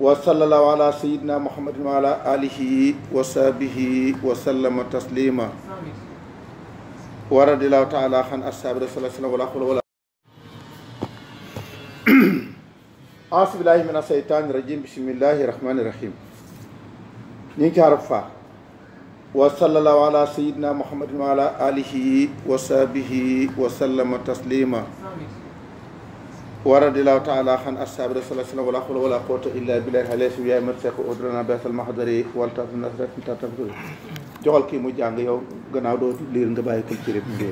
وصلى الله على سيدنا محمد وعلى آله وصحبه وسلم تسليما ورد الله تعالى عن أصحاب رسول الله صلى الله عليه وسلم أعوذ بالله من الشيطان الرجيم بسم الله الرحمن الرحيم نيكي عرفة وصلى الله على سيدنا محمد وعلى آله وصحبه وسلم تسليما wa radiyallahu taala an ashaabi rasul sallam wala hawla wala quwwata illa billahi yaay mat udrana beesal mahdari wal taf nasrat tataf joxal kii mu jàng yow gannaaw doo liir nga bàyyi kul ci rib ngi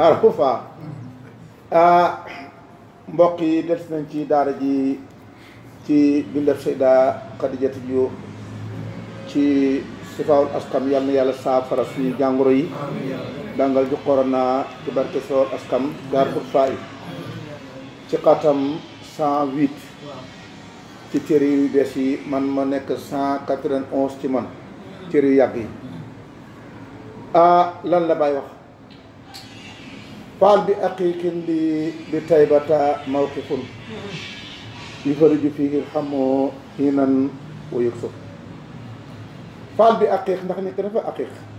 harfu faa mbokk yi des nañ ci daara ji ci bindab Seyda Xadijatu Juuf ci sifaawul askam yal na yàlla saafara suñu jàngoro yi dangal ju korona ci barke soor askam gaar xut faay ci xatam 108 ci téere yu bees yi man ma nekk ci man téere yàgg yi lan la bay wax faal bi aqiiqin li bi taybata mawqifun yu fari ju fii xamoo hiinan wa yëg faal bi aqiiq ndax nit dafa aqiiq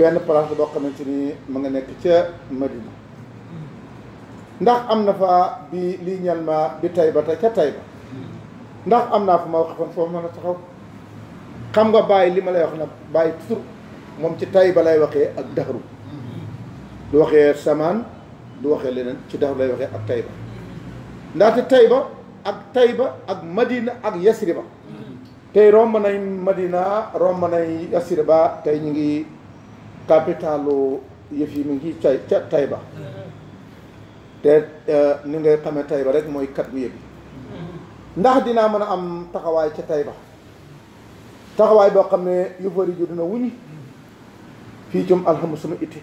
benn place boo xamante ni mu nga nekk ca Madina ndax am na fa bi lii ñel ma bi Tayba te ca Tayba ndax am naa fa ma wax fan foofu mën a taxaw xam nga bàyyi li ma lay wax na bàyyi tur moom ci ba lay waxee ak daxaru du waxee samaan du waxee leneen ci daxaru lay waxee ak Tayba ndaxte Tayba ak Tayba ak Madina ak Yasriba tey romb nañ Madina romb nañ Yasriba tey ñu ngi capitalu yëf yi mu ngi ca ca ba te euh, ni ngay xamee ba rek mooy kat bu yëg ndax dinaa mën a am taxawaay ca Tayba taxawaay boo xam ne yu bëri ju dina wuñi fii cum alxamu suma itti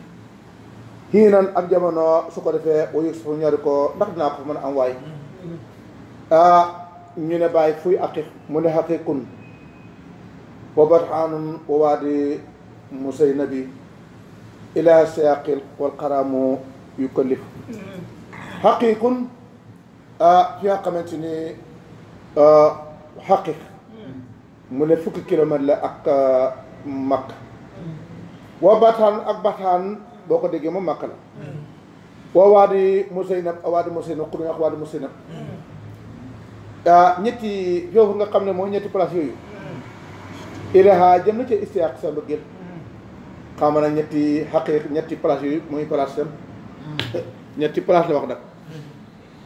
xii nan ak jamono su ko defee wayu sufu ñari ko ndax dinaa ko mën a am waay ah, ñu ne bàyyi fuy aqiq mu ne xaqiqun wa barxaanun wa waadi musay nabi ila siyaqil wal xaraamu yu këllif xaqiiqun mm-hmm. ah, fi nga xamante ni xaqiq ah, mm-hmm. mu ne fukki kilomètre la ak ah, makk mm-hmm. wa bataan ak bataan boo ko déggee moom makk la wa waadi museynab a waadi museynab ku ñu wax waadi museynab ñetti foofu nga xam ne mooy ñetti place yooyu ilaha jëm na ci istiaq sa mbëggeel xaama nag ñetti xaqi ñetti place yu muy place tam ñetti place la wax nag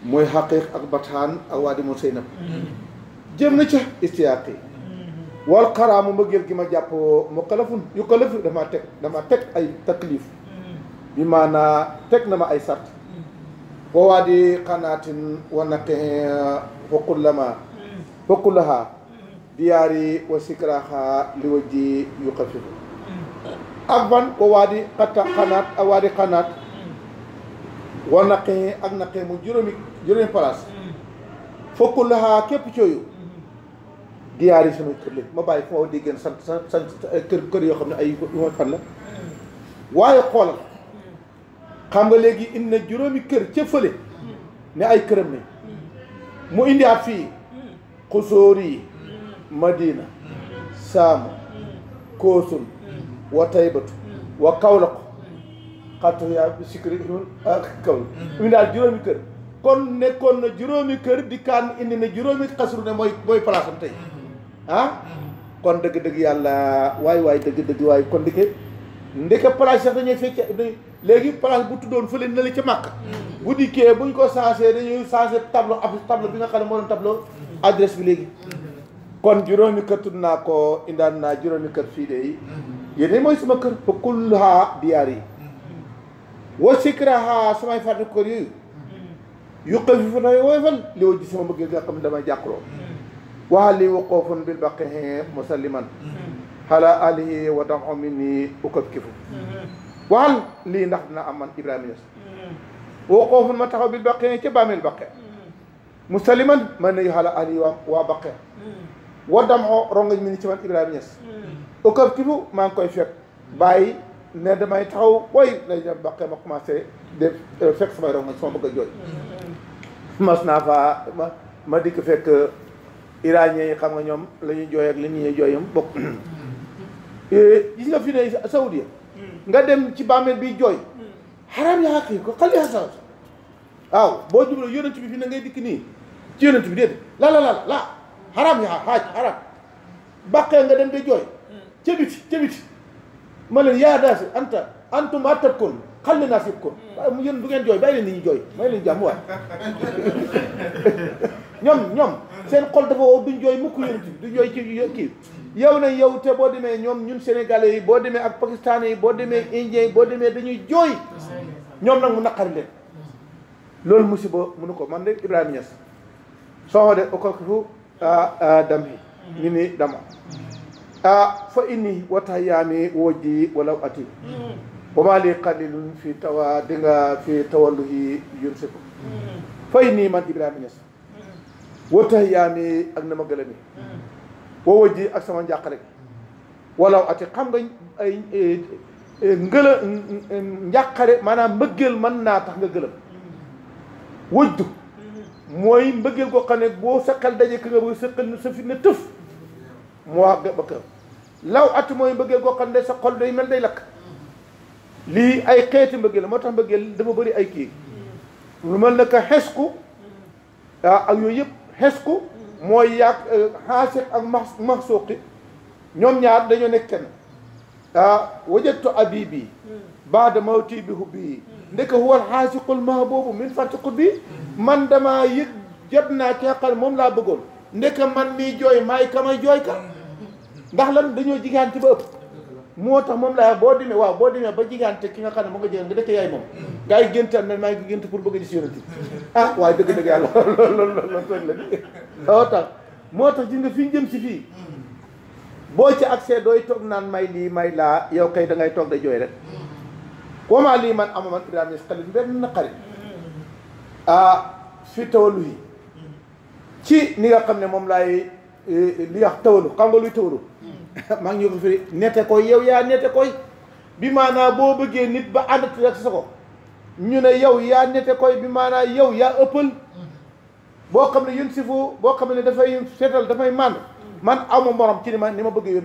mooy xaqiq ak bataan ak waa di mu seynab jëm na ca istiyaaq yi wal xaraamu mbëggeel gi ma jàpp mu kalafun yu kalafu dama teg ay taklif bi maanaa teg na ma ay sart boo waa di xanaatin wa naqe la ma fokkul lahaa diyaari wa sikraha li wajji yu xafifu ak ban wa waa di xanaat waa di ak naqee mu juróomi juróomi place fokkul laxaa képp cooyu diyaar yi sama kër lañ ma bàyyi fu ma wax déggéen sant sant kër kër yoo xam ne ay yu ma fan la waaye xoolal xam nga léegi indi na juróomi kër ca fële ne ay këram ne mu indiwaat fii xusóor madina saam koosun wa taybatu wa kawlak mm. xartu yaa bi sikri ah, kawl mi daal juróomi kër kon nekkoon na juróomi kër di kaan indi na juróomi xasru ne mooy mooy place mm-hmm. Ah? Mm-hmm. kon dëgg-dëgg yàlla waay waay dëgg-dëgg waay kon ndeke ndeke place sax dañuy fecc léegi place bu na la ca màkk mm-hmm. bu dikkee buñ ko changé dañuy changé tableau ab tableau bi nga xam ne moo doon tableau adresse bi léegi kon juróomi kër tudd naa ko indaan naa juróomi kër fii de يني موي سمكر بكلها دياري وسكرها سماي فاتو كوري يقففنا ويفل لوجي سما مغي قام دما جاكرو وهل وقوف بالبقيه مسلما على اله ودع مني اكفكف وهل لي نحن امان ابراهيم يس وقوف ما تخو بالبقيه تبامل بقيه مسلما من يحل علي وبقيه waddam oo rongañ mi ni ci man Ibrahima Niass ki mm. tibu maa ngi koy fekk bàyyi ne damay taxaw booy lay ño baqee ma commencé de euh, fekk samay rongañ sama bëgg a jooy mm-hmm. mas naa fa ma ma dikk fekk iranien yi xam nga ñoom la ñuy jooy ak li ñuy jooy yam mm-hmm. eh, nga fi ne Saoudia mm. nga dem ci bàmmeel bi jooy xaram mm. yaa kii ko xal yaa saw waaw boo jublu yonent bi fi na ngay dikk nii ci yonent bi déedéet la la la la xaram yaa xaaj xaram bàqee nga dem di jooy hmm. ca biti ca biti ma leen yaa daasi anta antum attab kon xal li naa fi kon hmm. waaye mu yéen du ngeen jooy bàyyi leen nit ñi jooy bàyyi leen jàmm waay ñoom ñoom seen xol dafa wow duñ jooy mukk yéen du jooy ci kii yow na yow te boo demee ñoom ñun sénégalais yi boo demee ak pakistanais yi boo demee indien yi boo demee dañuy jooy ñoom nag mu naqari leen loolu musiba mu ne ko man de Ibrahima Niass soo de okok آدمه مني دما فإني وتيامي وجهي ولو أتي وما لي قليل في توادنا في توله يمسك فإني من إبراهيم يس وتيامي أغنى مغلمي ووجهي أكثر من جاقلك ولو أتي قم أي ngëla njàqare maanaam mbëggeel mën naa tax nga gëlëm wëjdu mooy mbëggeel goo ka ne boo sa xel daje ka nga bëgg sa xel sa fi ne tëf moo wax ba kër law at mooy mbëggeel goo xam ne sa xol day mel day lakk lii ay xeeti mbëggeel la moo tax mbëggeel dafa bëri ay kii lu mel ne que xesku ah ak yooyu yëpp xesku mooy yaag eh, xaasiq ak max maxsuuqi ñoom ñaar dañoo nekk kenn ah wajatu abibi baada mawti bi hubbi ndeke huwal xaasiqul mahbubu min farti qutbi man damaa yëg jot naa ki nga moom laa bëggoon ndeke man mii jooy maay kamay jooy ka ndax lan dañoo jigante ba ëpp moo tax moom laa wax boo demee waaw boo demee ba jigante ki nga xam ne moo nga jigéen nga ndeke yaay moom gaa yi géntaan na maa ngi gént pour bëgg a gis yonent ah waaye dëgg dëgg yàlla loolu loolu loolu tooñ la di oo tax moo tax ji nga fi ñu jëm si fii boo ci accès dooy toog naan may lii may laa yow kay da ngay da jooy rek وما لي من أمام الإمام يسقل الجبر من نقر آه، في توله كي نيقم نمم لا اه، ليختوله كم تولو يتوله ما يغفر نتكوي يو يا نتكوي بما أنا بو بجي نت بعد تلاك سكو نيو يو يا نتكوي بما أنا يو يا أبل بو كم لي ينسفو بو كم لي دفع ينسفو دفع يمان من أمام مرام كني ما نما بجي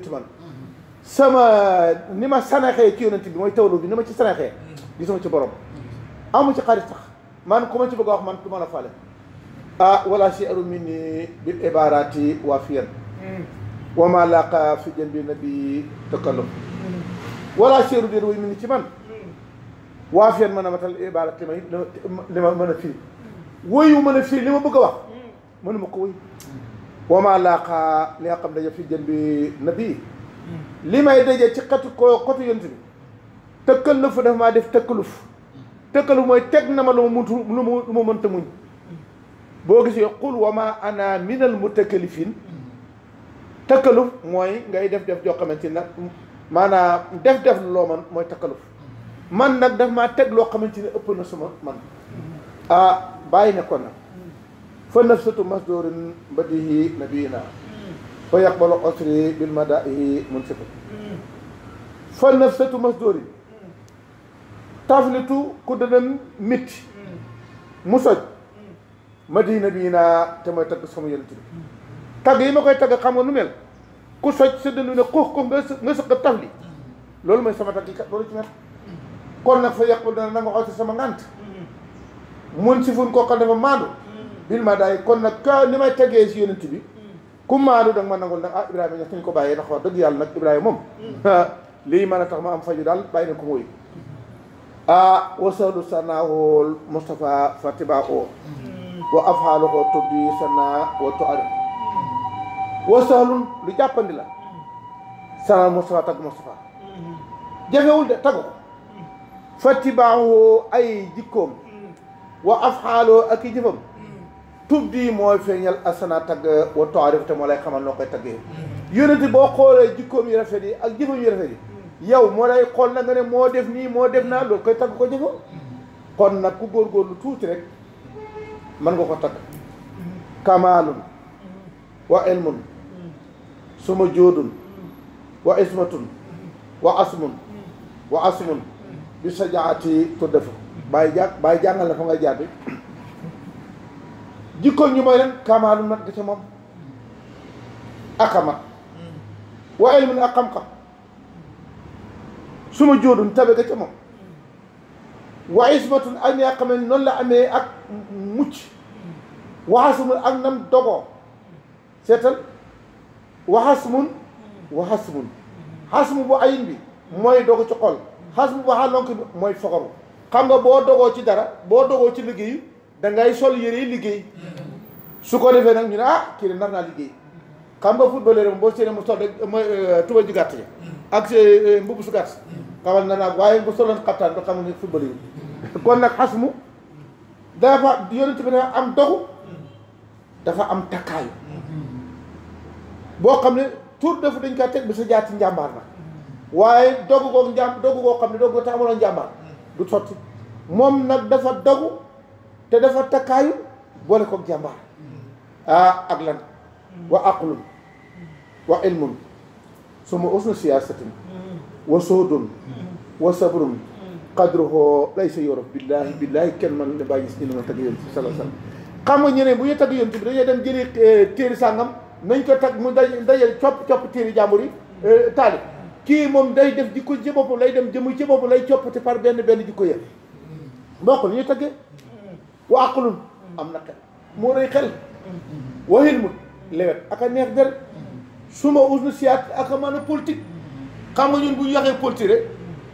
sama ni ma sanaxee ci yonent bi mooy tawlu bi ni ma ci sanaxee gisuma ci borom amu ci xarit sax man ku ma ci bëgg a wax man du ma la fale ah wala si aru min ni bil ibarati waa fiyan wa ma laqa fi jambi nabi takallum wala si aru déer way min ni ci man waa fiyan mën a matal ibarat li may li ma mën a firi woyu mën a firi li ma bëgg a wax mënuma ko woy wa ma laqa li nga xam ne fi jambi nabi li may daje ci xetu ko xotu yont bi tëkkal lëfu dafa maa def tëkkaluf tëkkaluf mooy teg na ma lu ma muntu lu ma lu ma mënta muñ boo gisee xul wa ma ana minal mu tëkkalifin tëkkaluf mooy ngay def def joo xamante nag maanaam def def loo man mooy tëkkaluf man nag daf maa teg loo xamante ne ëpp na suma man ah bàyyi ne kon nag fa nafsatu masdoorin mbadihi nabiyina fa yaqbalu usri bil madaahi munsifu fa nafsatu masdori taflitu ku dënan mitti mu soj madina bii naa te mooy tagg sama yonent bi tagg yi ma koy tagg xam nga nu mel ku soj sa dëndu ne xuux ko nga nga sëq tafli loolu mooy sama tagg yi kat loolu ci met kon nag na sama ngant mun si koo xam dafa maandu bil madaahi kon nag ka ni may taggee si yonent bi ku maanu da nga ma nangul nag ah Ibrahima ñax ñu ko bàyyee ndax wax dëgg yàlla nag Ibrahima moom lii mën a tax ma am faju daal bàyyi na ko mooy ah wasalu sanaahool Moustapha Fatiba oo wa afxaaluhoo tubbi sanaa wa to ari wasalun lu jàppandi la sanaa Moustapha tagg Moustapha jafewul de tagg ko fatibaahu ay jikkoom wa afxaaloo ak i jëfam tub bi mooy feeñal asana tagg wa taarif te moo lay xamal noo koy taggee yonent boo xoolee jikkoom yu rafet yi ak jëfam yu rafet yi yow moo lay xool na nga ne moo def nii moo def naa loolu koy tagg ko jëfoo kon nag ku góorgóorlu tuuti rek mën nga ko tagg kamaalun wa ilmun suma joodun wa ismatun wa asmun wa asmun bi sajaati tuddafu bàyyi jàng bàyyi jàngal na fa nga jàddi jikkoon ñu mooy lan kamaalu mat ga ca moom aka mat wa ilmun ak xam-xam suma jóodun tabe ga ca moom wa ismatun ak ñaa xam ne noonu la amee ak mucc waxasumul ak nam dogoo seetal waxasmun waxasmun xasmu bu ayin bi mooy dogu ci xol xasmu bu xalonk bi mooy foxaru xam nga boo dogoo ci dara boo dogoo ci liggéeyu da ngay sol yére yi liggéey su ko defee nag ñu ne ah kii de nar naa liggéey xam nga footballeur moom boo séenee mu sol rek euh, mooy euh, tuba ju gàtt yi ak euh, mbubb su gàtt xamal na naag waaye bu soloon xaptaan ba xam ne footballeur kon nag xasmu dafa yonent bi dafa am dogu dafa am takkaayu boo xam ne tur dafa dañ kaa teg bi sa jaati njàmbaar na waaye dogu koo njàm dogu koo xam ne dogu tax amaloon njàmbaar du sotti moom nag dafa dogu te dafa takkaayu boole ko jàmbaar ah, ak lan wa aqlun wa ilmun suma usnu siyaasatin wa soodun wa sabrun qadruhu laysa yorof billaahi billaahi kenn man ne bàyyi gis ñu ne ma tagg yonent bi sala sallam xam nga ñeneen bu ñu tagg yonent bi dañuy dem jëli eh, téeri sàngam nañ ko tag mu daj dajal copp copp téeri jàmbur yi eh, taalib kii moom day def jikko ci boppam lay dem jëmu ci boppam lay coppati par benn benn jikko ya mbokk li ñuy taggee waa aqlun am na xel moo rëy xel wa hilmun lewet ak a neex der suma usnu siyaat ak man mën a politique xam nga ñun bu ñu waxee politique rek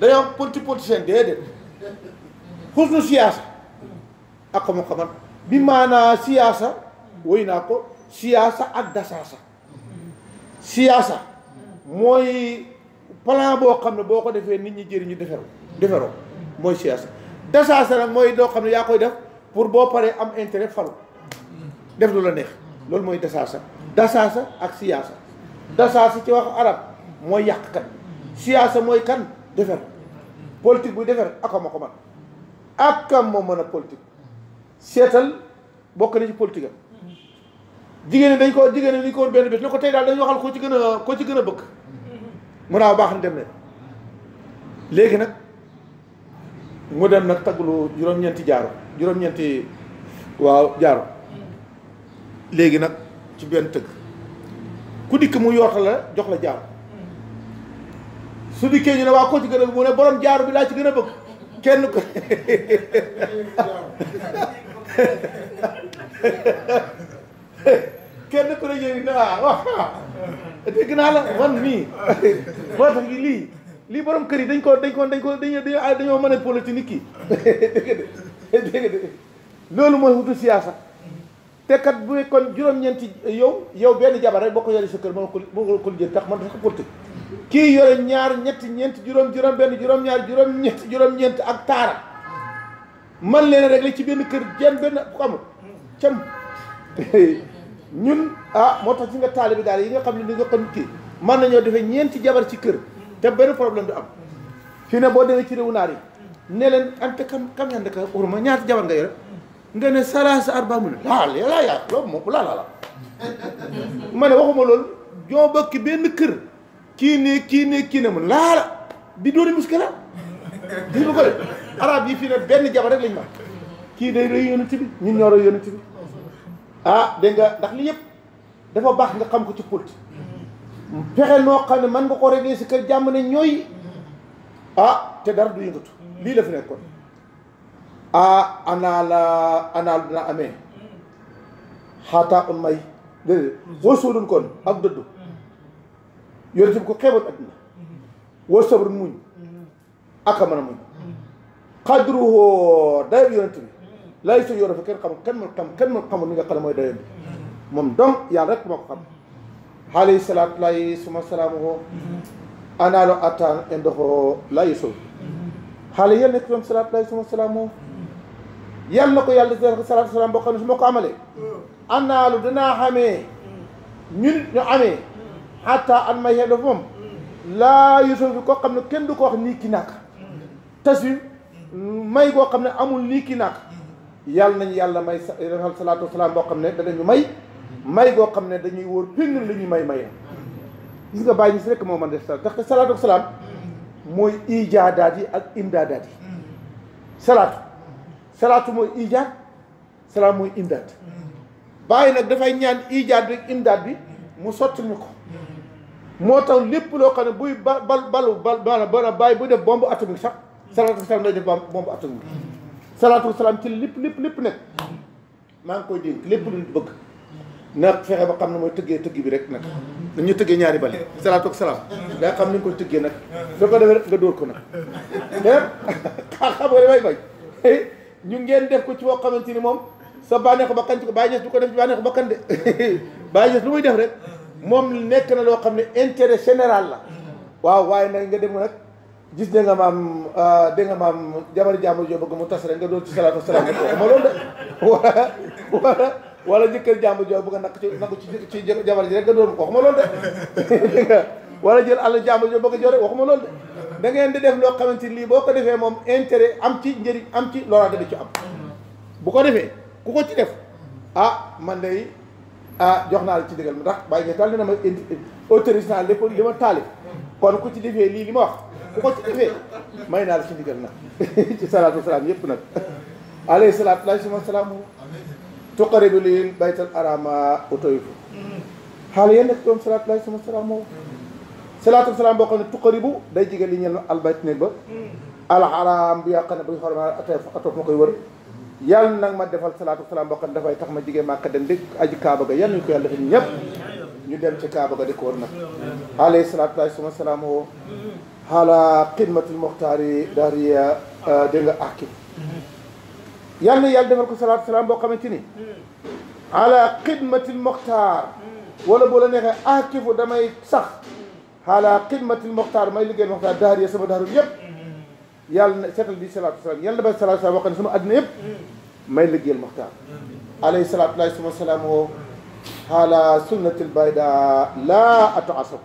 dañoo am politique politicien déedéet xusnu siyaasa ak ma xaman bi maanaa siyaasa woy naa ko siyaasa ak dasaasa siyaasa mooy plan boo xam ne boo ko defee nit ñi jëriñu deferu deferoo mooy siyaasa dasaasa nag mooy doo xam ne yaa koy def pour boo paree am intérêt faru def lu la neex loolu mooy dasaasa dasaasa ak siyaasa dasaasa ci wax arab mooy yàq kan siyaasa mooy kan defar politique buy defar akam a ko man akam moo mën a politique seetal bokk na ci politique jigéen ñi dañ koo jigéen ñi dañ ko woon benn bés ne ko tey daal dañu waxal koo ci gën a koo ci gën a bëgg mu naaw baax na dem leen léegi nag mu dem nag taglu juróom-ñeenti jaaro juróom-ñeenti waaw jaaro léegi nag ci benn tëgg ku dikk mu yoota la jox la jaaro su dikkee ñu ne waa koo ci gën a mu jaaro bi laa ci gën a bëgg kenn ko kenn ku ne yéen ne ah waaw dégg naa la man mii moo tax lii lii borom kër yi dañ ko dañ ko dañ ko dañoo dañoo mën a politique nit ki dégg loolu mooy wutu siyaasa te kat bu kon juróom-ñeenti yow yow benn jabar rek boo ko yoree sa kër mën ko mën ko jël tax man dafa ko porté kii yore ñaar ñetti ñeenti juróom juróom benn juróom ñaar juróom juróom ñeent ak taara man leen rek la ci benn kër jenn benn ku amul cam ñun ah moo tax ci nga taalibi daal yi nga xam ne ni nga xam kii mën nañoo defee ñeenti jabar ci kër te benn problème di am fii ne boo demee ci réewu naar yi ne leen ante kam kam ñaan daka urma ñaata jabar nga yore nga ne salaasa arba ne laa laa yaa loolu moom laa laa la ma ne waxuma loolu ñoo ki benn kër kii ne kii ne kii ne mu laa di dooni muskila di bu ko de arab yi fii ne benn jabar rek lañu ma kii day roy yonent bi ñun ñoo a yonent bi ah de nga ndax li yëpp dafa baax nga xam ko ci pult pexe noo xam ne man nga ko réglé si kër jàmm ne ñooy ah te dara du yëngatu lii la fi nekkoon ah anaa la anaa la dina amee xaata un may déedéet boo suurun kon ak dëdd yonent bi ko xeeboon adduna woo sabrun muñ ak a mën a muñ hoo dayoo yonent bi lay sa yoro fa kenn xam kenn mën xam kenn mën xamul ni nga xam ne mooy dayoon bi moom donc yàlla rek moo ko xam alayhi salaatu laay suma salaamuhu analo attan en doho layiso haala yel nekk toon salatu lahi suma salam o yal na ko yàlla def salatu salam boo xam ne su ma ko amalee anaalu danaa xamee ñun ñu amee hatta an may xeedo moom laa yusuf bi koo xam ne kenn du ko wax nii ki nàkk tas wi may koo xam ne amul nii ki nàkk yàlla nañu yàlla may defal salatu wasalaam boo xam ne danañu may may goo xam ne dañuy wóor péng li ñu may may gis nga bàyyi si rek moo mën def salaat ndaxte salaatu ak salaam mooy ijaadaat yi ak imdaadaat yi salaatu salaatu mooy ijaad salaam mooy imdaad bàyyi nag dafay ñaan ijaad bi ak imdaad bi mu sotti ñu ko moo tax lépp loo xam ne buy ba bal balu bal maanaam bàyyi buy def bombe atomique sax salaatu ak salaam day def bombe atomique salaatu ak salaam ci lépp lépp lépp nekk maa ngi koy dénk lépp lu ñu bëgg na fexe ba xam ne mooy tëggee tëgg bi rek nag ñu tëggee ñaari bale salaatu ak salaam xam ni nga koy tëggee nag soo ko defee rek nga dóor ko nag xaa xam nga damay bañ ñu ngeen def ko ci boo xamante ni moom sa bànneexu bakkan ci ko bàyyi du ko def ci bànneexu bakkan de bàyyi lu muy def rek moom nekk na loo xam ne intere général la waaw waaye nag nga dem nag gis ne nga maam ah, dégg nga maam jabar jàmbur yoo bëgg mu tas rek nga dóor ci salaatu ak salaam rek ma loolu de wala wala wala jëkkër jàmbur jooju bëgg a nak ci nako ci ci jabar ji rek nga doon ko waxuma de wala jël àll jàmbur jooju bëgg a joxe waxuma loolu de da ngeen di def loo xamante ni lii boo ko defee moom intérêt am ci njëriñ am ci loraate ci am ko defee ku ko ci def ah man day ah jox naa ci digal ndax bàyyi nga taal dina ma indi autorise naa lépp li ma taalif kon ku ci defee lii li ma wax ku ko ci defee may naa la ci digal nag ci salaatu salaam yëpp nag alayhi salaatu wa salaam tuqaribu lil baytal arama utoyifu xaala yéen nekk doom salaatulahi sama salaam boo xam ne tuqaribu day jigéen li ñel al bayt néeg ba alxaraam bu yàqan ne buy xorma atoof ma koy wër yàlla nag ma defal salaatu salaam boo xam ne dafay tax ma jigéen Màkka dem di aji Kaaba ga yàlla ñu ko yàlla defal ñëpp ñu dem ci Kaaba ga di ko wër nag alayhi salaatu laay suma salaam o xaala xidmatul muxtaari dariya dégg nga akki يالنا يال دمر كو صلاه السلام بو خامتيني على قدمه المختار ولا بولا نخي اكيفو داماي صح على قدمه المختار ماي ليغي مختار دار يا سما دارو ييب يال سيتال دي صلاه السلام يال دبا صلاه السلام وخني سما ادنا ييب ماي ليغي المختار عليه الصلاه والسلام سلام على سنه البيضاء لا اتعصب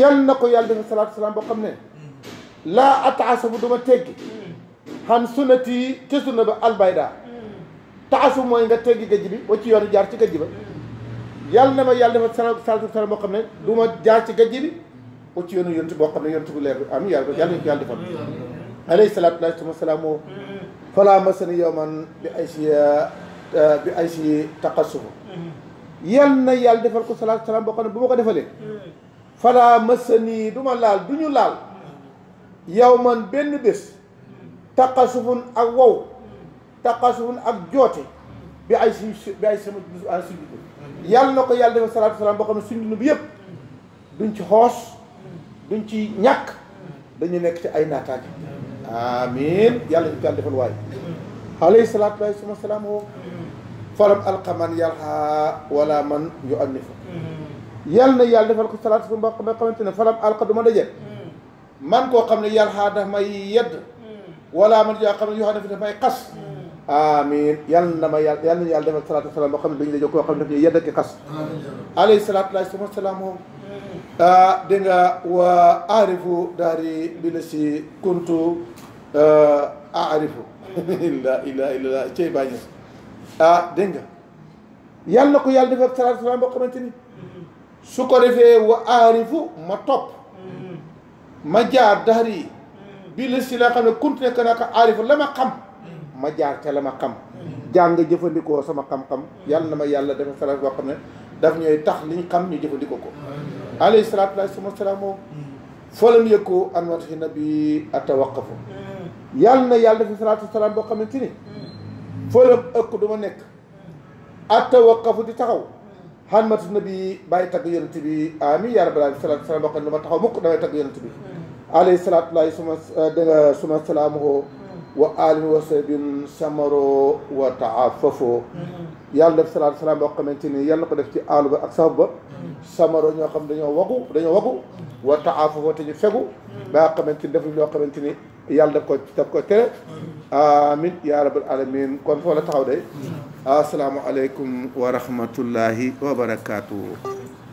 يال نكو يال دبا صلاه السلام بو خمنه لا اتعصب دوما تيغي xam sunnati ca sunna ba albayda taasu mooy nga teggi gëj bi ba ci yoonu jaar ci gëj ba yàlla na ma yàlla dafa sala salatu salam boo xam ne du ma ci gëj bi ba ci bu leer am yàlla yàlla na ko yàlla defal alayhi salatu wasalaamu fala masani yowman bi ay si bi na yàlla defal ko salaatu salaam boo xam ne bu ma ko defalee fala masani du ma laal du ñu laal yow man benn bés taqasufun ak wow taqasufun ak joote bi ay si bi ay sama an suñ yal yàlla na ko yàlla defal salaat salaam boo xam ne suñ dund bi yëpp duñ ci xoos duñ ci ñàkk dañu nekk ci ay naataange amiin yàlla ñu ko yàlla defal waay alayhi salaatu waay suma salaam woo falam alqaman yalha wala man yu annifa yàlla na yàlla defal ko salaatu salaam boo xamante ne falam alqa du ma daje man koo xam ne yalha daf ma yedd wala man jaa xam ne yoo xam ne dafay xas amin yàlla na ma yàlla yàlla na yàlla defal salaatu salaam boo xam ne dañu la jox koo xam ne daf ñuy yedd ak xas alayhi salaatu laay sama salaam moom ah, dégg nga wa aarifu daari bi la si kuntu ah, aarifu illa illa illa cey bàññi ah dégg nga yàlla na ko yàlla defal salaatu salaam boo xamante ni su ko defee wa aarifu ma topp ma jaar daari bii la si laa xam ne continué que naka aarifu la ma xam ma jaar ca la ma xam jàng jëfandikoo sama xam-xam yàlla na ma yàlla dafa salaat boo xam ne daf ñooy tax liñ xam ñu jëfandikoo ko alayhi salaatu wa salaam o foolam yëkkoo anwatasi na bi atawaqafu yàlla na yàlla dafa salaatu salaam boo xamante ni foolam ëkk du ma nekk atawaqafu di taxaw xanmati na bi bàyyi tagg yonent bi amin yaa rabbal aalamiin salaatu salaam boo xam ne du ma taxaw mukk damay tagg yonent bi عليه الصلاة والسلام و آله و سيدنا سمرو و تعففو يالا الصلاة والسلام و كمنتيني يالا كنتي آل و أكسابو سمرو و كم دنيا و غو دنيا و غو و تعففو تجي فغو ما كمنتي آمين يا رب العالمين كون فولا السلام عليكم ورحمة الله وبركاته